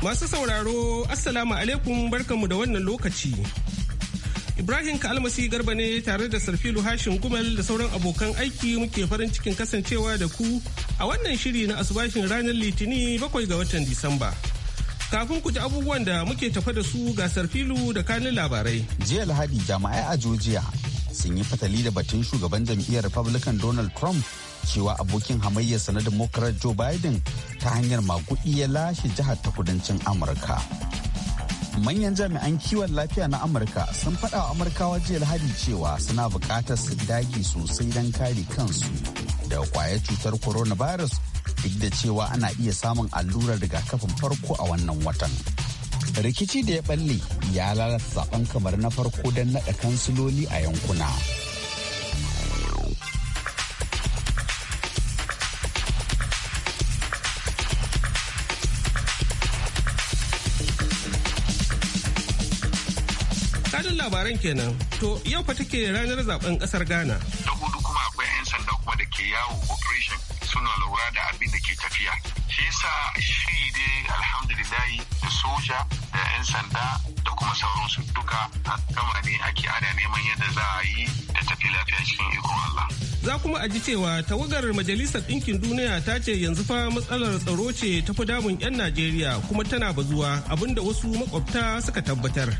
Masu sauraro, Assalamu alaikum barkanmu da wannan lokaci. Ibrahim Kalmasi Garba ne tare da Sarfilu Hashin Gumel da sauran abokan aiki muke farin cikin kasancewa da ku a wannan shiri na asubashin ranar Litini bakwai ga watan Disamba. Kafin ku ji abubuwan da muke tafa da su ga Sarfilu da kanin labarai. Jiya Lahadi jama'ai a Jojiya sun yi fatali da batun shugaban jam'iyyar Republican Donald Trump cewa abokin hamayyarsa na democrat joe biden ta hanyar maguɗi ya lashe jihar ta kudancin amurka manyan jami'an kiwon lafiya na amurka sun faɗa wa amurkawa jiya lahadi cewa suna buƙatar su dage sosai don kare kansu da kwayar cutar coronavirus duk da cewa ana iya samun allurar rigakafin farko a wannan watan rikici da ya balle ya lalata zaben kamar na farko don naɗa kansiloli a yankuna. zaben kenan. To yau fa take ranar zaben kasar Ghana. Da hudu kuma akwai 'yan sanda kuma da ke yawo operation suna lura da abin da ke tafiya. Shi yasa shi dai alhamdulillahi da soja da 'yan sanda da kuma sauransu duka a kama ne ake ana neman yadda za a yi da tafi lafiya cikin ikon Allah. Za kuma a ji cewa tawagar Majalisar Ɗinkin Duniya ta ce yanzu fa matsalar tsaro ce ta fi damun 'yan Najeriya kuma tana bazuwa abinda wasu makwabta suka tabbatar.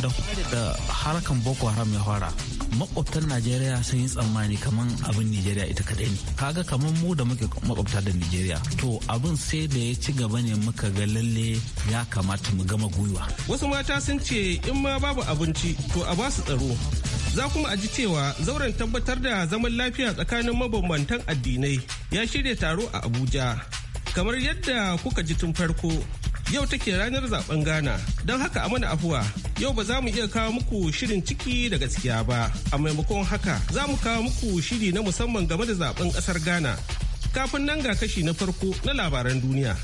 da fari da harkan boko haram ya fara makwabtan najeriya sun yi tsammani kamar abin nijeriya ita kadai ne kaga kamar mu da muke makwabta da nijeriya to abin sai da ya ci gaba ne muka ga lalle ya kamata mu gama gwiwa wasu mata sun ce in ma babu abinci to a basu tsaro za kuma aji cewa zauren tabbatar da zaman lafiya tsakanin mabambantan addinai ya shirya taro a abuja kamar yadda kuka ji tun farko yau take ranar zaben Ghana don haka a mana afuwa yau ba za mu iya kawo muku shirin ciki da gaskiya ba a maimakon haka za mu kawo muku shiri na musamman game da zaben kasar Ghana kafin nan ga kashi na farko na labaran duniya.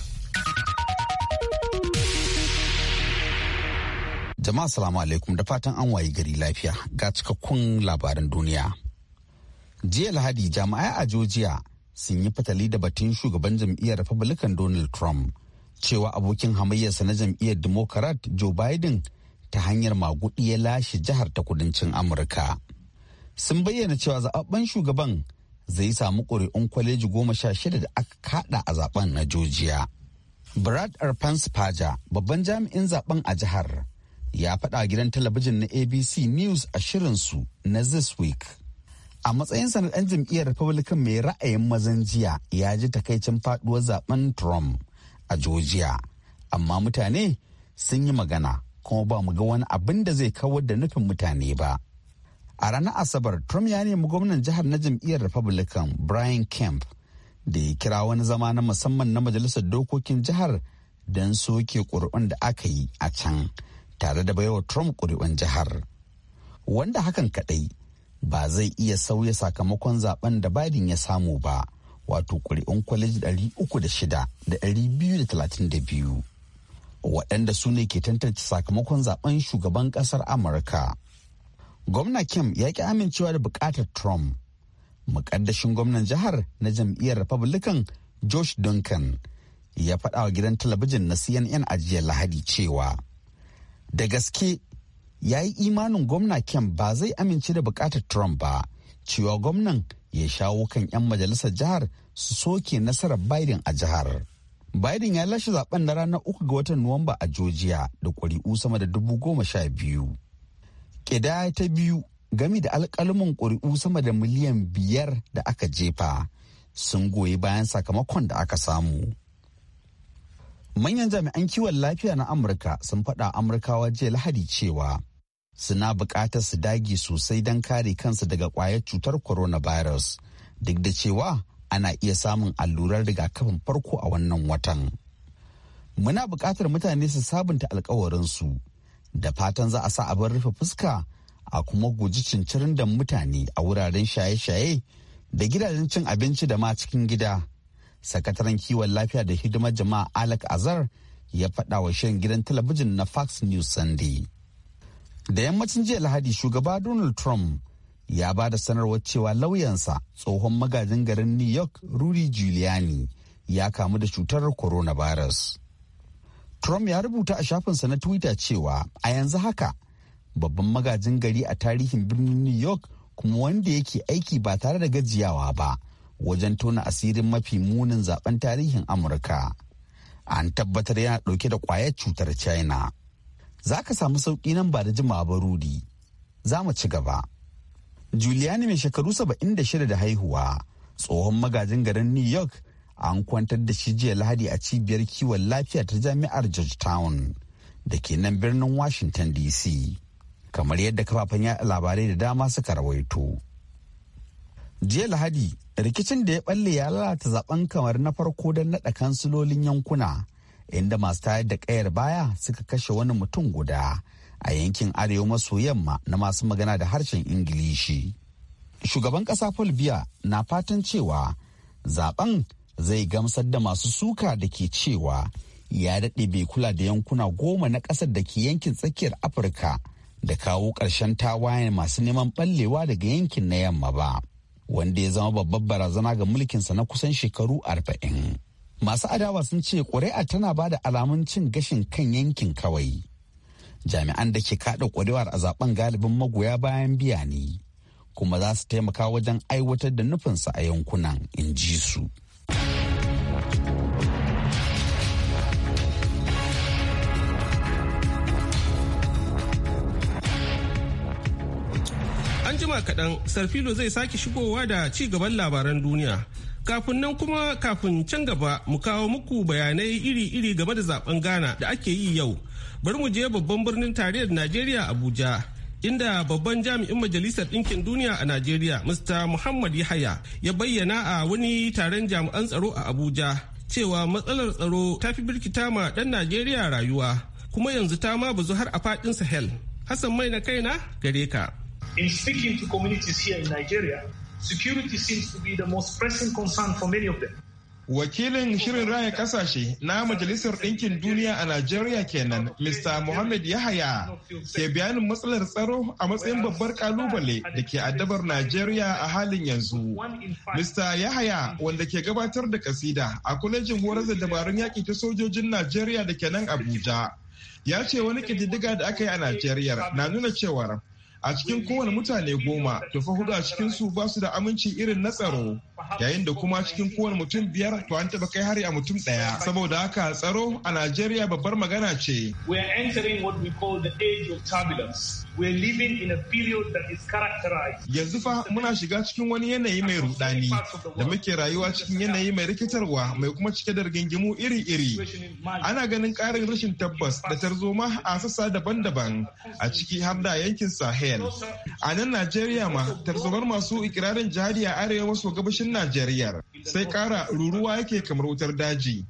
Jama'a salamu alaikum da fatan an wayi gari lafiya ga cikakkun labaran duniya. Jiya Lahadi jami'ai a jojiya sun yi fatali da batun shugaban jam'iyyar Republican Donald Trump cewa abokin hamayyarsa na jam'iyyar democrat joe biden ta hanyar magudi ya lashe jihar ta kudancin amurka sun bayyana cewa zaɓaɓɓen shugaban zai samu ƙuri'un kwaleji goma sha shida da aka kaɗa a zaben na jojiya brad arpans paja babban jami'in zaben a jihar ya faɗa gidan talabijin na abc news a shirinsu na this week a matsayin na ɗan jam'iyyar republican mai ra'ayin mazan jiya ya ji takaicin faɗuwar zaben trump a Georgia. Amma mutane sun yi magana kuma ba mu ga wani abin da zai kawar da nufin mutane ba. A ranar Asabar, Trump ya nemi gwamnan jihar na jam'iyyar Republican Brian Kemp da ya kira wani zama na musamman na majalisar dokokin jihar don soke ƙuri'un da aka yi a can tare da baiwa Trump ƙuri'un jihar. Wanda hakan kaɗai ba zai iya sauya sakamakon zaben da Biden ya samu ba. wato kuri'un kwaleji 306 da 232 waɗanda su ne ke tantance sakamakon zaben shugaban ƙasar amurka gwamna kim ya ƙi amincewa da buƙatar trump muƙaddashin gwamnan jihar na jam'iyyar republican josh duncan ya faɗa wa gidan talabijin na cnn a jiya lahadi cewa da gaske ya yi imanin gwamna kim ba zai amince da buƙatar trump ba cewa gwamnan ya shawo kan 'yan majalisar jihar su soke nasarar Biden a jihar. Biden ya lashe zaben na ranar uku ga watan Nuwamba a Georgia da ƙuri'u sama da dubu goma sha biyu. Ƙidaya ta biyu gami da alƙalumin ƙuri'u sama da miliyan biyar da aka jefa sun goyi bayan sakamakon da aka samu. Manyan jami'an kiwon lafiya na Amurka sun faɗa Amurkawa jiya Lahadi cewa suna buƙatar su dage sosai don kare kansu daga ƙwayar cutar coronavirus duk da cewa ana iya samun allurar rigakafin farko a wannan watan. Muna buƙatar mutane su sabunta alkawarinsu da fatan za a sa abin rufe fuska a kuma guji cincirin da mutane a wuraren shaye-shaye da gidajen cin abinci da ma cikin gida. Sakataren kiwon lafiya da hidimar jama'a Alec Azar ya faɗa wa shirin gidan talabijin na Fox News Sunday. Da yammacin jiya Lahadi shugaba Donald Trump ya ba da sanarwar cewa lauyansa tsohon magajin garin new york rudy giuliani ya kamu da cutar coronavirus trump ya rubuta a shafinsa na twitter cewa a yanzu haka babban magajin gari a tarihin birnin new york kuma wanda yake aiki ba tare da gajiyawa ba wajen tona asirin mafi munin zaben tarihin amurka an tabbatar yana dauke da kwayar cutar china za ka samu sauƙi nan ba da jimawa ba rudi za mu ci gaba juliani mai shekaru 76 da haihuwa tsohon magajin garin New York an kwantar da shi jiya lahadi a cibiyar kiwon lafiya ta jami'ar Georgetown da ke nan birnin Washington DC. Kamar yadda kafafen yaɗa labarai da dama suka rawaito. Jiya lahadi rikicin da ya balle ya lalata zaben kamar na farko don naɗa kansilolin yankuna inda masu tayar da ƙayar baya suka kashe wani mutum guda a yankin arewa maso yamma na masu magana da harshen ingilishi shugaban ƙasa paul na fatan cewa zaben zai gamsar da masu suka da ke cewa ya daɗe bai kula da yankuna goma na ƙasar da ke yankin tsakiyar afirka da kawo ƙarshen tawayen masu neman ɓallewa daga yankin na yamma ba wanda ya zama babbar barazana ga mulkinsa na kusan shekaru arba'in masu adawa sun ce ƙuri'a tana ba da alamun cin gashin kan yankin kawai jami'an da ke kada kwarewar a zaben galibin magoya bayan biya ne kuma za su taimaka wajen aiwatar da nufinsa a yankunan in ji su an jima kaɗan sarfilo zai sake shigowa da ci gaban labaran duniya kafin nan kuma kafin can gaba mu kawo muku bayanai iri-iri game da zaben ghana da ake yi yau bari mu je babban birnin tarayyar najeriya abuja inda babban jami'in majalisar ɗinkin duniya a najeriya mr muhammad yahaya ya bayyana a wani taron jami'an tsaro a abuja cewa matsalar tsaro ta fi birkita ma ɗan najeriya rayuwa kuma yanzu ta ma bazu har a faɗin sahel hassan mai na kaina gare ka in speaking to communities here in nigeria security most pressing concern Wakilin Shirin Raya Kasashe na Majalisar Ɗinkin Duniya a Najeriya kenan, Mr. Mohammed Yahaya, ke bayanin matsalar tsaro a matsayin babbar kalubale da ke addabar Najeriya a halin yanzu. Mr. Yahaya, wanda ke gabatar da kasida a kwalejin horar da dabarun yaƙi ta sojojin Najeriya da kenan Abuja, ya ce wani ƙididdiga da aka yi a Najeriya na nuna cewar a cikin kowane mutane goma tufa hudu a cikinsu ba su da aminci irin na tsaro yayin da kuma cikin kowane mutum biyar to an taba kai hari a mutum ɗaya saboda haka tsaro a Najeriya babbar magana ce. We are entering what we call the age of turbulence. are living in a period that is characterized. Yanzu fa muna shiga cikin wani yanayi mai rudani da muke rayuwa cikin yanayi mai rikitarwa mai kuma cike da rigingimu iri-iri. Ana ganin karin rashin tabbas da tarzoma a sassa daban-daban a ciki har da yankin Sahel. A nan Najeriya ma tarzomar masu ikirarin jihadi a arewa maso gabashin Najeriya sai ƙara ruruwa yake kamar wutar daji.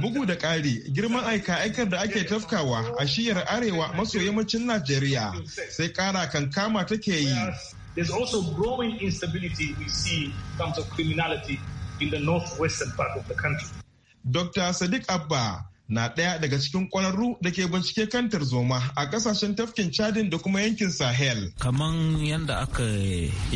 Bugu da ƙari girman aika aikar da ake tafkawa a shiyar arewa maso yammacin Najeriya sai ƙara kama take yi. Dr. Sadiq Abba na ɗaya daga cikin ƙwararru da ke bincike kantar zoma a ƙasashen tafkin chadin da kuma yankin sahel kaman yadda aka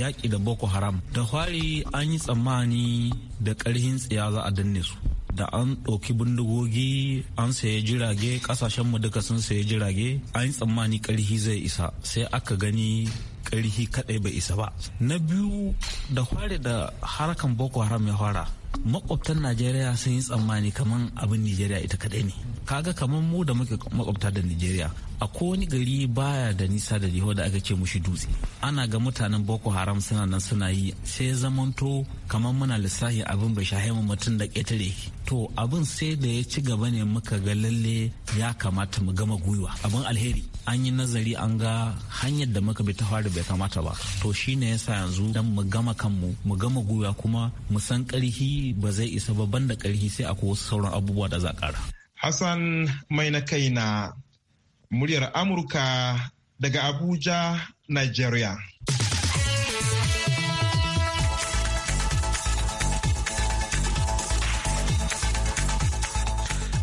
yaƙi da boko haram da fari an yi tsammani da ƙarhin tsiya za a danne su da an ɗauki bindigogi an saye jirage ƙasashenmu duka sun saye jirage an yi tsammani ƙarhi zai isa sai aka gani karhi kadai bai isa ba na biyu da fari da harkan boko haram ya fara makwabtan najeriya sun yi tsammani kaman abin nijeriya ita kadai ne kaga kamar mu da muke makwabta da nijeriya a wani gari baya da nisa da jiho da aka ce mushi dutse ana ga mutanen boko haram suna nan suna yi sai zamanto kamar muna lissafi abin bai shahe mu mutum da ketare to abin sai da ya ci gaba ne muka ga lalle ya kamata mu gama gwiwa abin alheri an yi nazari an ga hanyar da muka bi ta fara bai kamata ba to shi ne ya sa yanzu dan mu gama kanmu mu gama gwiwa kuma mu san karhi ba zai isa ba ban da karhi sai akwai wasu sauran abubuwa da za a kara Hassan mai na kai na muryar Amurka daga Abuja, Nigeria.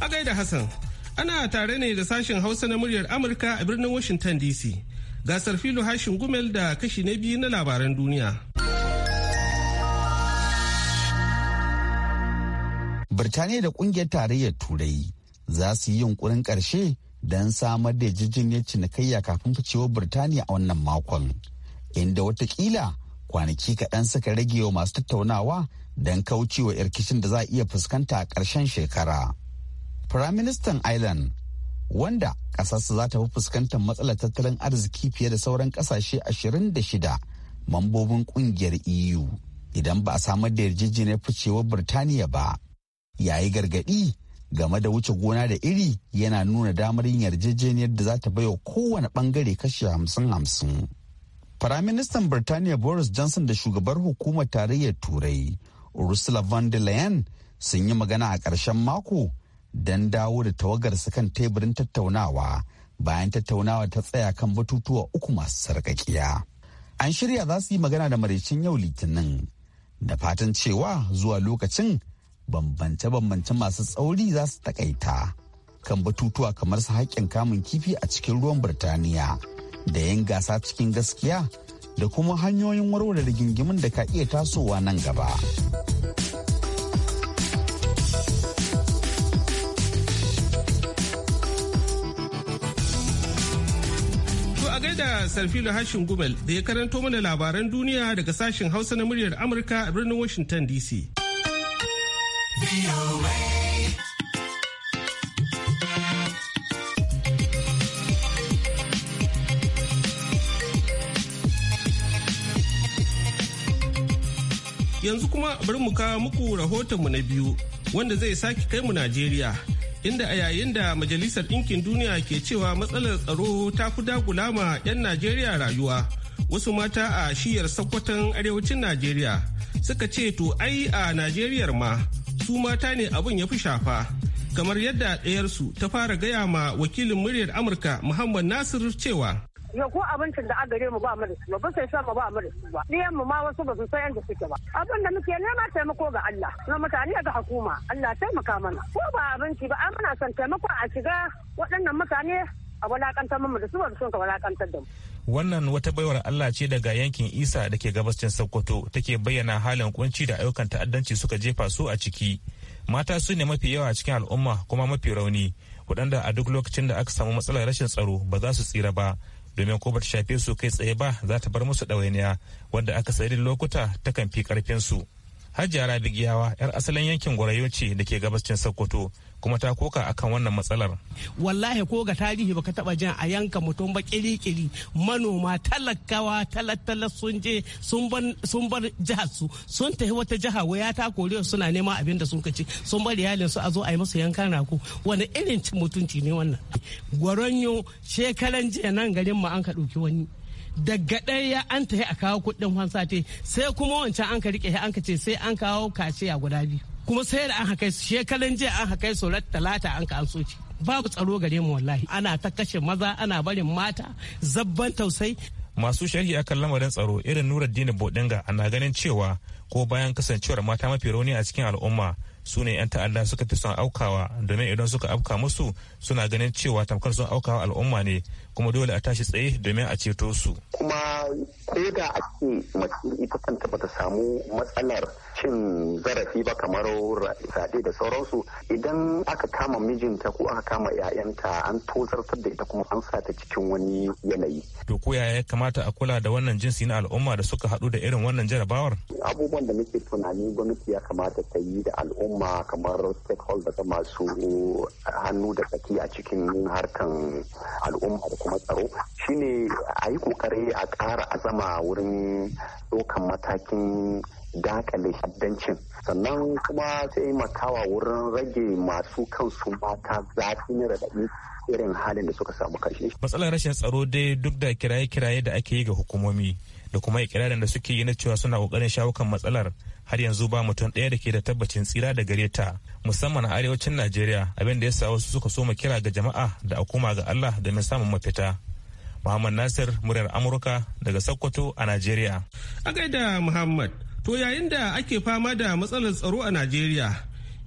A gaida Hassan Ana tare ne da sashen Hausa na muryar Amurka a birnin Washington DC. Gasar filo hashin gumel da kashi na biyu na labaran duniya. Birtaniya da kungiyar tarayyar Turai za su yi yunkurin ƙarshe don samar da yarjejeniyar cinikayya kafin ficewar Birtaniya a wannan makon. Inda watakila kwanaki kaɗan suka rage wa masu tattaunawa don kaucewa irkishin da za a iya fuskanta a ƙarshen shekara. Firaministan Ireland wanda ƙasarsa za ta fi fuskantar matsalar tattalin arziki fiye da sauran ƙasashe 26 mambobin ƙungiyar EU idan ba a samar da yarjejeniyar ficewar Birtaniya ba. Yayi gargaɗi game da wuce gona da iri yana nuna damar yin yarjejeniyar da za ta baiwa kowane ɓangare kashi hamsin hamsin. Firaministan Birtaniya Boris Johnson da shugabar hukumar tarayyar Turai Ursula von der Leyen sun yi magana a ƙarshen mako don dawo da su kan teburin tattaunawa bayan tattaunawa ta tsaya kan batutuwa uku masu sarkakiya. An shirya za su yi magana da maraicin yau litinin da fatan cewa zuwa lokacin bambance-bambance masu tsauri za su takaita kan batutuwa kamar su haƙƙin kamun kifi a cikin ruwan Birtaniya da yin gasa cikin gaskiya da kuma hanyoyin warware rigingimin da ka iya tasowa nan gaba. a gaida sarfilo hashin gumel da ya karanto mana labaran duniya daga sashen hausa na muryar amurka a birnin washington dc yanzu kuma bari mu kawo muku rahotonmu na biyu wanda zai sake kai mu najeriya inda a yayin da majalisar ɗinkin duniya ke cewa matsalar tsaro ta fi dagula ma 'yan najeriya rayuwa wasu mata a shiyar sakwatan arewacin najeriya suka ce to ai a najeriyar ma su mata ne abin ya fi shafa kamar yadda ɗayarsu ta fara gaya ma wakilin muryar amurka muhammad nasir cewa ya ko abincin da agare mu ba mu da su ba sai sha ba mu da su ba ɗiyan mu ma wasu ba su san yanda suke ba abin da muke nema taimako ga Allah na mutane ga hukuma Allah taimaka mana ko ba abinci ba an muna san taimako a shiga waɗannan mutane a walakantar mu da su ba su son ka walakantar da mu wannan wata baiwar Allah ce daga yankin Isa da ke gabashin Sokoto take bayyana halin kunci da ayyukan ta'addanci suka jefa su a ciki. Mata su ne mafi yawa cikin al'umma kuma mafi rauni, waɗanda a duk lokacin da aka samu matsalar rashin tsaro ba za su tsira ba. domin ko bata shafe su kai tsaye ba za ta bar musu ɗawainiya wanda aka sayi lokuta takan fi ƙarfinsu. hajiya rabi giyawa yar asalin yankin gwarayo ce da ke gabashin sokoto kuma ta koka akan wannan matsalar wallahi ko ga tarihi baka taba jan a yanka mutum ba kiri manoma talakawa talattala sun je sun bar jihar sun tafi wata jiha waya ta kore suna neman abin da sun kaci sun bar iyalin su a zo a yi musu yankan rako wani irin mutunci ne wannan gwaranyo shekaran jiya nan garin mu an ka ɗauki wani daga ɗaya an ta a kawo kuɗin fansate sai kuma wancan an ka rike an ka ce sai an kawo a guda biyu kuma sai da an haka shekaran jiya an haka solar talata an ka an soci babu tsaro gare mu wallahi ana ta kashe maza ana barin mata zabban tausai masu sharhi akan lamarin tsaro irin nuruddin bodinga ana ganin cewa ko bayan kasancewar mata mafi rauni a cikin al'umma su ne 'yan ta'adda suka fi son aukawa domin idan suka afka musu suna ganin cewa tamkar sun aukawa al'umma ne kuma dole a tashi tsaye domin a ceto su. Kuma ko da ake mace ita kanta bata samu matsalar cin zarafi ba kamar fyaɗe da sauransu idan aka kama mijinta ko aka kama 'ya'yanta an tozartar da ita kuma an sa ta cikin wani yanayi. To ko ya kamata a kula da wannan jinsi na al'umma da suka haɗu da irin wannan jarabawar? Abubuwan da muke tunani gwamnati ya kamata ta yi da al'umma kamar stakeholder masu hannu da tsaki a cikin harkan al'umma da kuma tsaro shine a yi kokari a ƙara azama wurin ɗaukan matakin dakale haddancin sannan kuma sai makawa wurin rage masu kansu mata zafi na raɗaɗi irin halin da suka samu karshe. matsalar rashin tsaro dai duk da kiraye-kiraye da ake yi ga hukumomi da kuma ikirarin da suke yi na cewa suna kokarin shawo kan matsalar har yanzu ba mutum ɗaya da ke da tabbacin tsira da gare ta musamman a arewacin najeriya abin da ya sa wasu suka so soma kira ga jama'a da a koma ga allah domin samun mafita muhammad nasir muryar amurka daga sokoto a najeriya a gaida muhammad to yayin da ake fama da matsalar tsaro a najeriya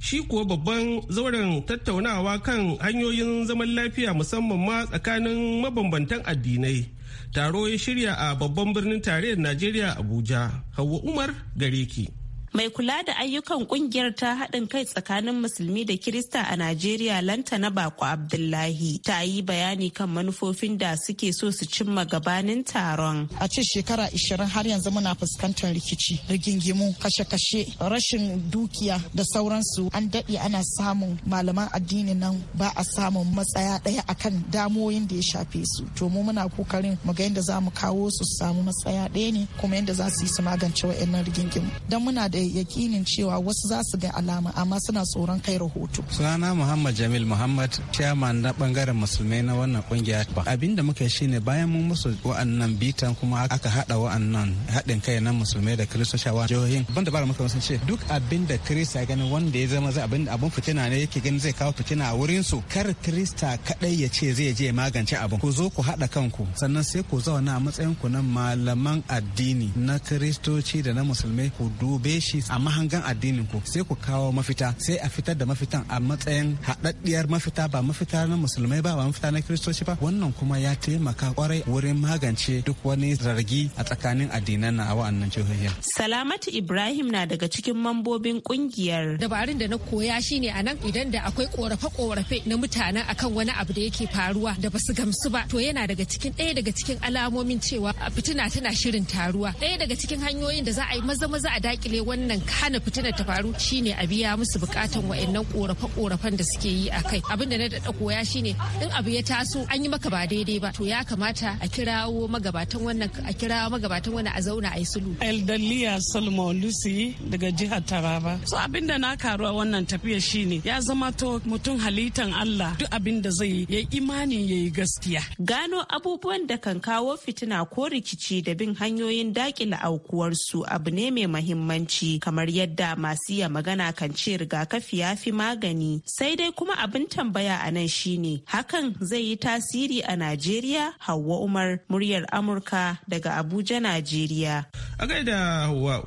shi kuwa babban zauren tattaunawa kan hanyoyin zaman lafiya musamman ma tsakanin mabambantan addinai taro ya shirya a babban birnin tarayyar najeriya abuja hawa umar gare ki. mai kula da ayyukan kungiyar ta haɗin kai tsakanin musulmi da kirista a najeriya lanta na bako abdullahi ta yi bayani kan manufofin da suke so su cimma gabanin taron a ce shekara 20 har yanzu muna fuskantar rikici rigingimu kashe-kashe rashin dukiya da sauransu an daɗe ana samun malaman addini nan ba a samun matsaya ɗaya akan damoyin da ya shafe su to mu muna kokarin mu ga yadda za mu kawo su samu matsaya ɗaya ne kuma yadda za su yi su magance wa'annan rigingimu don muna da yakinin cewa wasu za su ga alama amma suna tsoron kai rahoto. Sunana Muhammad Jamil Muhammad chairman na bangaren musulmai na wannan kungiya. Abin da muka shine bayan mun musu wa'annan bitan kuma aka hada wa'annan haɗin kai na musulmai da kiristoci a jihohin. Ban da bara muka wasu ce duk abin da kirista ya gani wanda ya zama zai abin abun fitina ne yake gani zai kawo fitina a wurin su kar kirista kadai ya ce zai je magance abin. Ku zo ku haɗa kanku sannan sai ku zauna a matsayin ku na malaman addini na kiristoci da na musulmai ku dube shi shi a mahangan addinin ku sai ku kawo mafita sai a fitar da mafitan a matsayin haɗaɗɗiyar mafita ba mafita na musulmai ba ba mafita na kiristoci ba wannan kuma ya taimaka kwarai wurin magance duk wani zargi a tsakanin addinan na a wa'annan jihohi. Salamatu Ibrahim na daga cikin mambobin kungiyar. Dabarun da na koya shine a nan idan da akwai korafe-korafe na mutanen akan wani abu da yake faruwa da basu gamsu ba to yana daga cikin ɗaya daga cikin alamomin cewa fitina tana shirin taruwa ɗaya daga cikin hanyoyin da za a yi maza-maza a dakile wani wannan hana fitinar ta faru shine a biya musu bukatan wa'annan korafe-korafen da suke yi a kai abin da na daɗa koya shine in abu ya taso an yi maka ba daidai ba to ya kamata a kirawo magabatan wannan a kirawo magabatan wannan a zauna a yi sulu. Eldaliya Salma Lucy daga jihar Taraba. So abin da na karu a wannan tafiya shine ya zama to mutum halittan Allah duk abin da zai yi ya imani ya yi gaskiya. Gano abubuwan da kan kawo fitina ko rikici da bin hanyoyin dakila aukuwarsu abu ne mai mahimmanci. kamar yadda masu iya magana kan ce rigakafi ya fi magani sai dai kuma abin tambaya a nan shine hakan zai yi tasiri a najeriya Hauwa umar muryar amurka daga abuja najeriya a gaida hauwa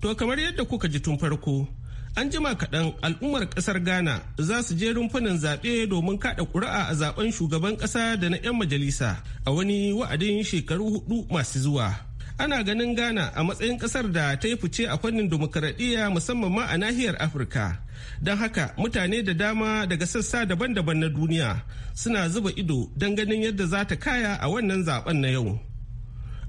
to kamar yadda kuka ji tun farko an jima kaɗan al'ummar ƙasar ghana za su je rumfunan zaɓe domin kaɗa ƙuri'a a zaben shugaban ƙasa da na 'yan majalisa a wani wa'adin shekaru hudu masu zuwa ana ganin ghana a matsayin kasar da ta yi fice a fannin dimokuraɗiyya musamman ma a nahiyar afirka don haka mutane da dama daga sassa daban-daban na duniya suna zuba ido don ganin yadda za ta kaya a wannan zaben na yau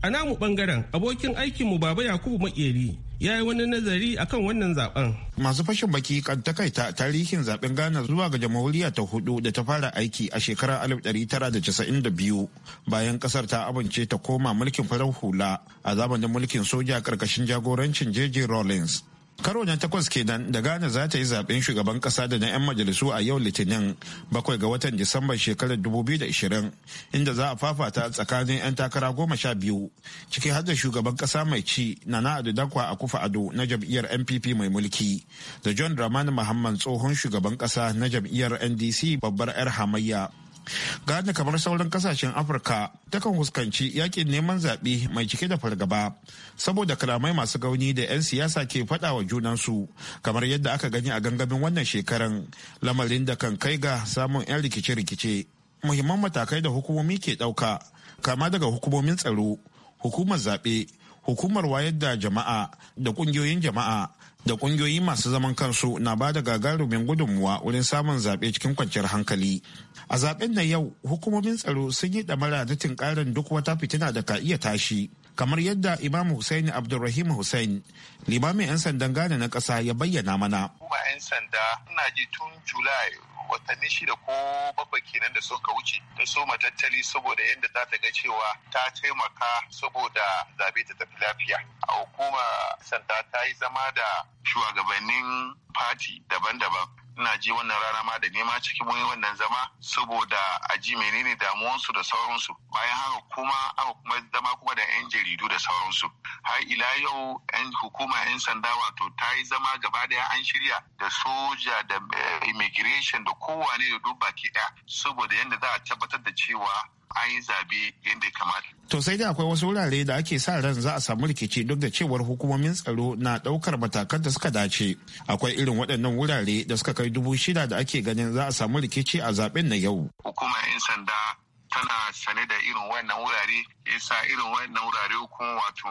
a namu bangaren abokin aikinmu baba yakubu Maƙeri. ya yi wani nazari akan wannan zaben. Masu fashin baki kan takaita tarihin zaben Ghana zuwa ga jamhuriya ta hudu da ta fara aiki a shekarar 1992 bayan kasar ta amince ta koma mulkin farar hula a zamanin mulkin soja karkashin jagorancin JJ Rawlings. karo na takwas kenan da ghana za ta yi zaben shugaban kasa da na 'yan majalisu a yau litinin bakwai ga watan disambar shekarar 2020 inda za a fafata tsakanin 'yan takara goma sha biyu ciki har da shugaban kasa mai ci na adu dakwa a kufa ado na jam'iyyar npp mai mulki da john dramani mahamman tsohon shugaban kasa na jam'iyyar ndc babbar 'yar hamayya Ghana kamar sauran kasashen Afirka takan fuskanci yakin neman zaɓe mai cike da fargaba saboda kalamai masu gauni da 'yan siyasa ke faɗa wa junansu kamar yadda aka gani a gangamin wannan shekaran lamarin da kan kai ga samun 'yan rikice-rikice. Muhimman matakai da hukumomi ke ɗauka kama daga hukumomin tsaro, hukumar zaɓe, hukumar wayar da jama'a da ƙungiyoyin jama'a da kungiyoyi masu zaman kansu na ba da gagarumin gudunmuwa wurin samun zaɓe cikin kwanciyar hankali. A zaɓen na yau, hukumomin tsaro sun yi ɗamara da tinƙarin duk wata fitina da ka iya tashi. kamar yadda imam hussein abdulrahim hussein limamin 'yan sandan gane na ƙasa ya bayyana mana kuma 'yan sanda na ji tun july watanni shida ko bakwai kenan da suka wuce ta soma tattali saboda yadda za ta ga cewa ta taimaka saboda zabe ta tafi lafiya a hukuma sanda ta yi zama da shugabannin fati daban-daban ina ji wannan rana ma da nema cikin mun wannan zama saboda a ji menene damuwansu da sauransu bayan haka kuma aka kuma zama kuma da yan jaridu da sauransu har ila yau yan hukuma yan sanda wato ta yi zama gaba daya an shirya da soja da eh, immigration da kowane da duk baki daya saboda yadda za a tabbatar da cewa an yi zabe yadda ya kamata. To sai dai akwai wasu wurare da ake sa ran za a samu rikici duk da cewar hukumomin tsaro na daukar matakan da suka dace. Akwai irin waɗannan wurare da suka kai dubu shida da ake ganin za a samu rikici a zaben na yau. Hukumar 'yan sanda tana sane da irin wannan wurare, yasa irin wannan wurare kuma wato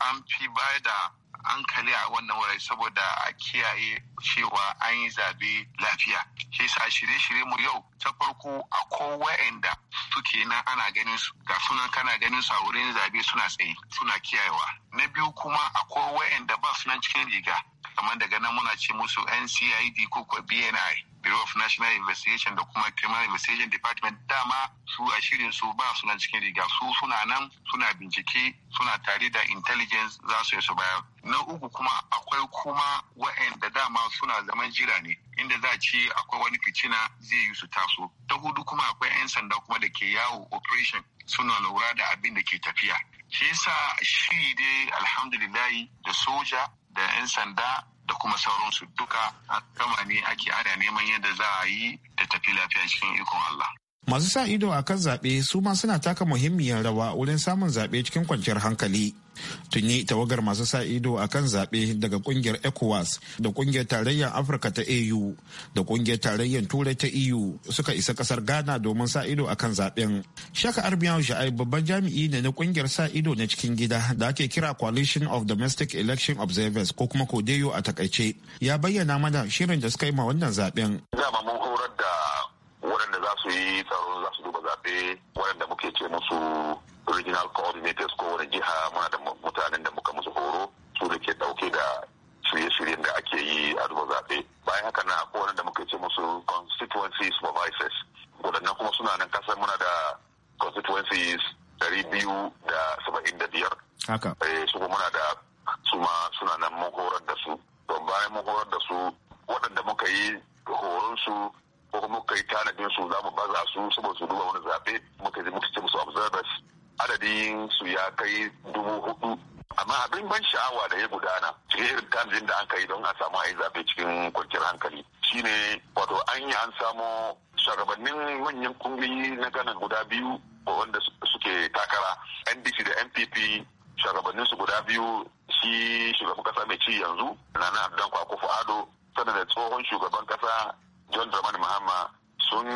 an fi ba da hankali a wannan wurare saboda a kiyaye cewa an yi zabe lafiya shi sa shirye-shirye mu yau ta farko a kowa'anda suke nan ana ganin su ga sunan kana ganin su a wurin zabe suna tsaye suna kiyayewa na biyu kuma a kowa'anda ba sunan cikin riga kamar daga nan muna ce musu ncid ko bni Bureau of National Investigation da kuma Criminal Investigation Department dama su a shirin su ba suna cikin riga su suna nan suna bincike suna tare da intelligence za su yi su bayar. Na uku kuma akwai kuma wa'anda dama suna zaman jira ne inda za ce akwai wani ficina zai yi su taso. Ta hudu kuma akwai 'yan sanda kuma da ke yawo operation suna lura da abin da ke tafiya. Shi yasa shi dai alhamdulillahi da soja da 'yan sanda da kuma sauransu duka a gama ne ake ana neman yadda za a yi da tafi lafiya cikin ikon Allah. masu sa ido a kan zaɓe su ma suna taka muhimmiyar rawa wurin samun zaɓe cikin kwanciyar hankali tuni tawagar masu sa ido a kan zaɓe daga ƙungiyar ecowas da ƙungiyar tarayyar afirka ta au da ƙungiyar tarayyar turai ta eu suka isa ƙasar ghana domin sa ido a kan zaɓen shaka armiyahu sha'ai babban jami'i ne na ƙungiyar sa ido na cikin gida da ake kira coalition of domestic election observers ko kuma kodeyo a takaice ya bayyana mana shirin da suka yi ma wannan zaɓen. su yi tsaro za su duba zaɓe waɗanda muke ce musu regional coordinators ko wani jiha muna da mutanen da muka musu horo su da ke ɗauke da shirye-shiryen da ake yi a duba zaɓe bayan haka na akwai wanda muke ce musu constituency supervisors waɗannan kuma suna nan kasar muna da constituencies ɗari biyu da saba'in da biyar haka eh, su kuma muna da su ma suna nan mun horar da su don bayan mun horar da su waɗanda muka yi horon su ko kuma muka yi tanadin su za mu baza su saboda su duba wani zaɓe muka yi muka ce musu observers adadin su ya kai dubu hudu amma abin ban sha'awa da ya gudana cikin irin tanadin da an kai don a samu a yi zaɓe cikin kwanciyar hankali shine wato an yi an samu shugabannin manyan kungiyoyi na ganin guda biyu wanda suke takara ndc da npp shugabannin su guda biyu shi shugaban kasa mai ci yanzu nana abdan kwakufu ado sannan da tsohon shugaban kasa john dramani mahama sun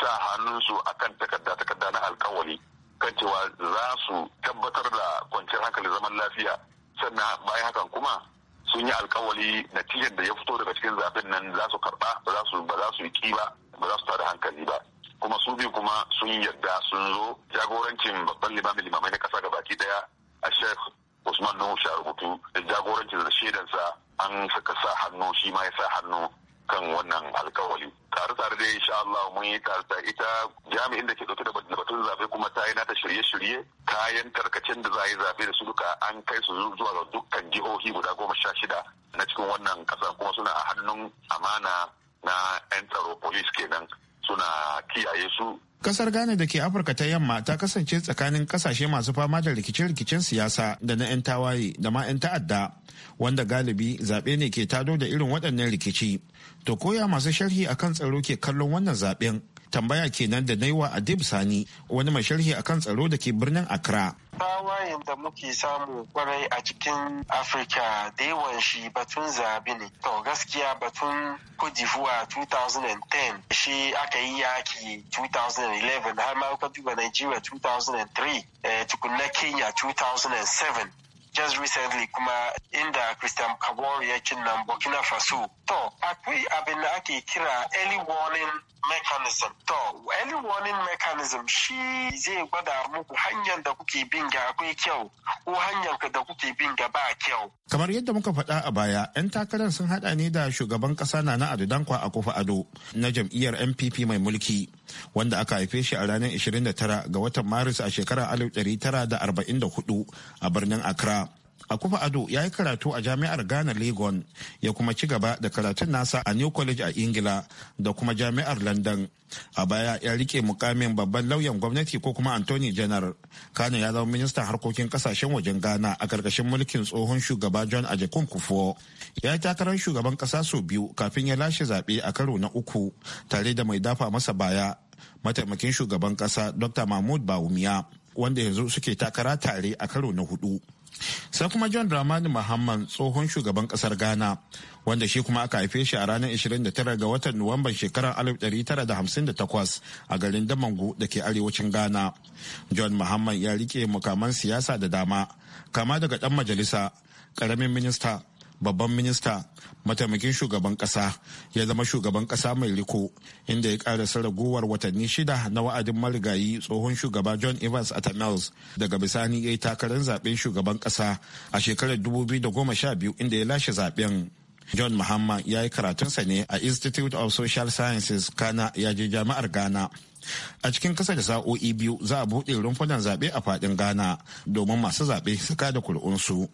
sa hannunsu a kan takarda takarda na alkawali kan cewa za su tabbatar da kwanciyar hankali zaman lafiya sannan bayan hakan kuma sun yi alkawali natijar da ya fito daga cikin zaben nan za su karba ba za su yi ki ba ba za su tada hankali ba kuma su biyu kuma sun yarda sun zo jagorancin babban limamin limamai na kasa gabaki daya a sheikh usman nuhu rubutu da jagorancin da shaidansa an saka sa hannu shi ma ya sa hannu kan wannan alkawali tare tare dai insha Allah mun yi tsare ita jami'in da ke dauke da batun zabe kuma ta yi nata shirye-shirye kayan tarkacen da za a yi zabe da su duka an kai su zuwa ga dukkan jihohi guda goma sha shida na cikin wannan kasa kuma suna a hannun amana na 'yan tsaro police kenan suna kiyaye su Kasar Ghana da ke Afirka ta yamma ta kasance tsakanin kasashe masu fama da rikice-rikicen siyasa da na 'yan tawaye da ma 'yan ta'adda wanda galibi zaɓe ne ke tado da irin waɗannan rikici. To koya masu sharhi akan tsaro ke kallon wannan zaɓen. tambaya kenan da na yi wa adib sani wani mai sharhi kan tsaro da ke birnin accra tawayen da muke samu kwarai a cikin afirka da yawan shi batun zabi ne to gaskiya batun kujifuwa 2010 shi aka yi yaki 2011 har ma duba nigeria 2003 eh, tukunna kenya 2007 just recently kuma inda Christian Kabor ya cin nan Burkina Faso. To, akwai abin da ake kira early warning mechanism. To, early warning mechanism shi zai gwada muku hanyar da kuke bin ga akwai kyau ko hanyar da kuke bin ga ba kyau. Kamar yadda muka faɗa a baya, 'yan takarar sun haɗa ne da shugaban ƙasa na na Ado a kofa Ado na jam'iyyar NPP mai mulki. wanda aka haife shi a ranar 29 ga watan maris a shekarar 1944 a birnin accra a akufa ado ya yi karatu a jami'ar ghana legon ya kuma ci gaba da karatun nasa a new college a ingila da kuma jami'ar london a baya ya rike mukamin babban lauyan gwamnati ko kuma anthony janar kano ya zama ministan harkokin kasashen wajen ghana a karkashin mulkin tsohon shugaba john ajakun kufo ya yi takarar shugaban kasa sau biyu kafin ya lashe zaɓe a karo na uku tare da mai dafa masa baya mataimakin shugaban kasa dr mahmud bawumiya wanda yanzu suke takara tare a karo na hudu sai kuma john dramani muhammad tsohon shugaban kasar ghana wanda shi kuma aka haife shi a ranar 29 ga watan nuwamban shekarar 1958 a garin damangu da ke arewacin ghana john muhammad ya rike mukaman siyasa da dama kama daga dan majalisa karamin minista babban minista mataimakin shugaban kasa ya zama shugaban kasa mai riko inda ya kara saraguwar watanni shida na wa'adin marigayi tsohon shugaba john evans atamels daga bisani ya yi takarar zaben shugaban kasa a shekarar 2012 inda ya lashe zaben john mahama ya yi karatunsa ne a institute of social sciences kana ya je jami'ar ghana a cikin kasa da sa'o'i biyu za a buɗe rumfunan zaɓe a faɗin ghana domin masu zaɓe su kada kuri'unsu.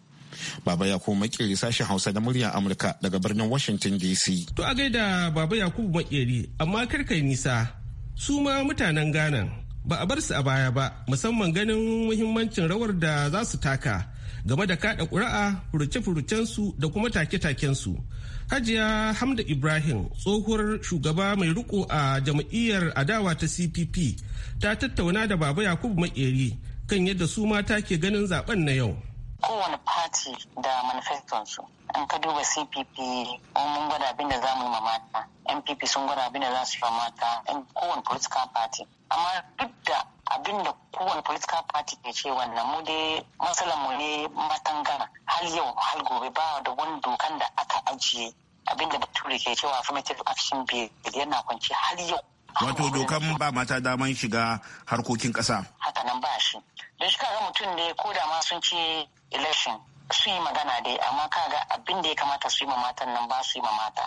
Baba Yakubu Makeri sashen Hausa na muryar Amurka daga birnin Washington DC. To a gaida Baba Yakubu Makeri amma karkai nisa su ma mutanen Ghana ba a bar su a baya ba musamman ganin muhimmancin rawar da za su taka game da kada ƙuri'a furuce-furucensu da kuma take-takensu. Hajiya Hamda Ibrahim tsohuwar shugaba mai riko a jam'iyyar adawa ta CPP ta tattauna da Baba Yakubu Makeri kan yadda su mata ke ganin zaben na yau. kowane su da su An ka duba CPP mun gwada abin da za mu yi ma MPP sun gwada abin da za su yi ma mata, kowane political party. Amma duk da abin da kowane political party ke ce wannan mu dai matsalar mu ne matangara. har yau har gobe ba da wani dokan da aka ajiye abin da bature ke cewa affirmative action bill yana kwanci har yau wato dokan ba mata daman shiga harkokin kasa Hakanan nan ba shi don shi kaga mutum ne ko da ma sun ce election su yi magana dai amma kaga abin da ya kamata su yi ma matan nan ba su yi ma mata.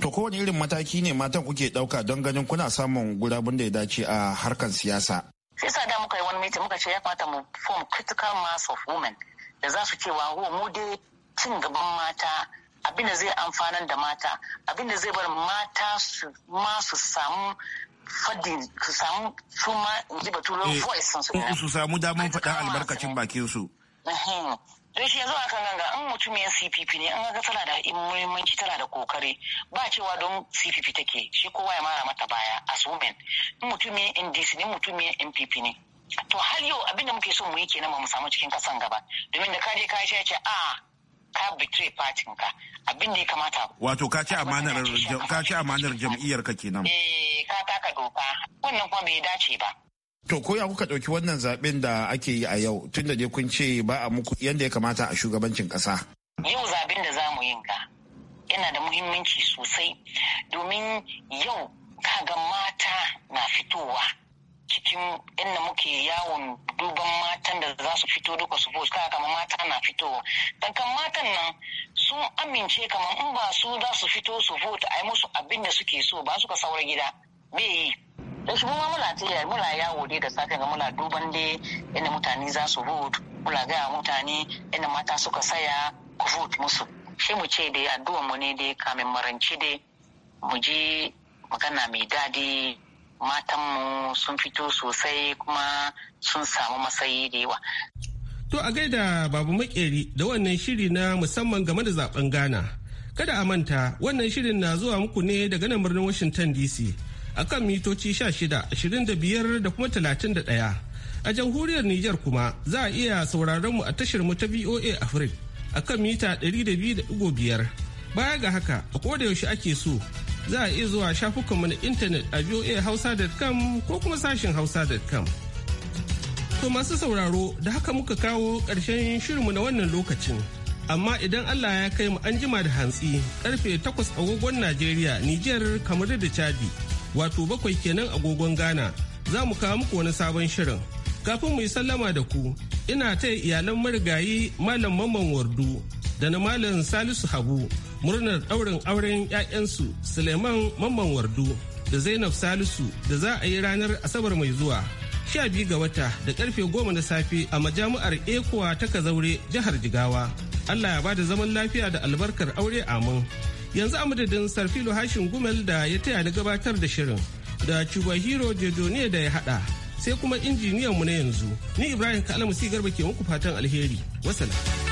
To kowane irin mataki ne matan kuke ɗauka don ganin kuna samun gurabun da ya dace a harkar siyasa. Sai sa da muka yi wani meeting muka ce ya kamata mu form critical mass of women da za su cewa ho mu dai cin gaban mata abin da zai amfanar da mata abin da zai bar mata su ma su samu fadin su samu su ma ji baturan eh, voice su samu damar faɗa albarkacin bakin su. don shi yanzu akan ganga in mutum ya cpp ne in ga tana da muhimmanci tana da kokari ba cewa don cpp take shi kowa ya mara mata baya as women in mutum ya ndc ne mutum ya mpp ne to har yau abin da muke so mu yi kenan ba mu samu cikin kasan gaba domin da kaje ka ce ce a ah, ka betray partin ka abin da ya kamata wato ka ci amanar ka ci amanar jam'iyyar ka kenan eh ka taka doka wannan kuma bai dace ba To koya kuka ɗauki wannan zaɓen da ake yi a yau tun da kun ce ba a muku yadda ya kamata a shugabancin ƙasa. Yau zaɓen da za mu yin ka yana da muhimmanci sosai domin yau kaga mata na fitowa cikin inda muke yawon duban matan da za su fito duka su kaga kama mata na fitowa dankan matan nan sun amince kamar in ba su za su fito su vote a yi musu abin da suke so ba su ka saura gida bai yi don shi kuma muna ta muna yawo dai da safe ga muna duban dai inda mutane za su vote muna gaya mutane inda mata suka saya ku vote musu shi mu ce dai addu'ar mu ne dai kamin maranci dai mu ji magana mai daɗi mu sun fito sosai kuma sun samu matsayi da yawa. To a gaida babu makeri da wannan shiri na musamman game da zaben Ghana. Kada a manta wannan shirin na zuwa muku ne daga nan birnin Washington DC. akan mitoci 16, 25 da kuma 31. A jamhuriyar Nijar kuma za a iya sauraron mu a tashar mu ta VOA a akan mita 200.5. Baya ga haka, a koda yaushe ake so za a iya zuwa shafukan mu na intanet a hausa.com ko kuma sashin hausa.com. To masu sauraro da haka muka kawo ƙarshen shirinmu na wannan lokacin. Amma idan Allah ya kai mu an jima da hantsi karfe 8 agogon Najeriya, Nijar, kamar da Chadi. wato bakwai kenan agogon Ghana za mu kawo muku wani sabon shirin. Kafin mu yi sallama da ku, ina ta iyalan marigayi Malam Mamman Wardu da na Malam Salisu Habu murnar ɗaurin auren 'ya'yansu Suleiman Mamman Wardu da Zainab Salisu da za a yi ranar Asabar mai zuwa. sha biyu ga wata da karfe goma na safe a majami'ar Ekuwa ta Kazaure jihar Jigawa. Allah ya bada zaman lafiya da albarkar aure amin. yanzu a madadin sarfilo hashin gumel da ya taya na gabatar da shirin da cuba hero duniya da ya hada sai kuma injiniyan mu na yanzu ni ibrahim kalamusi garba ke muku fatan alheri wasala.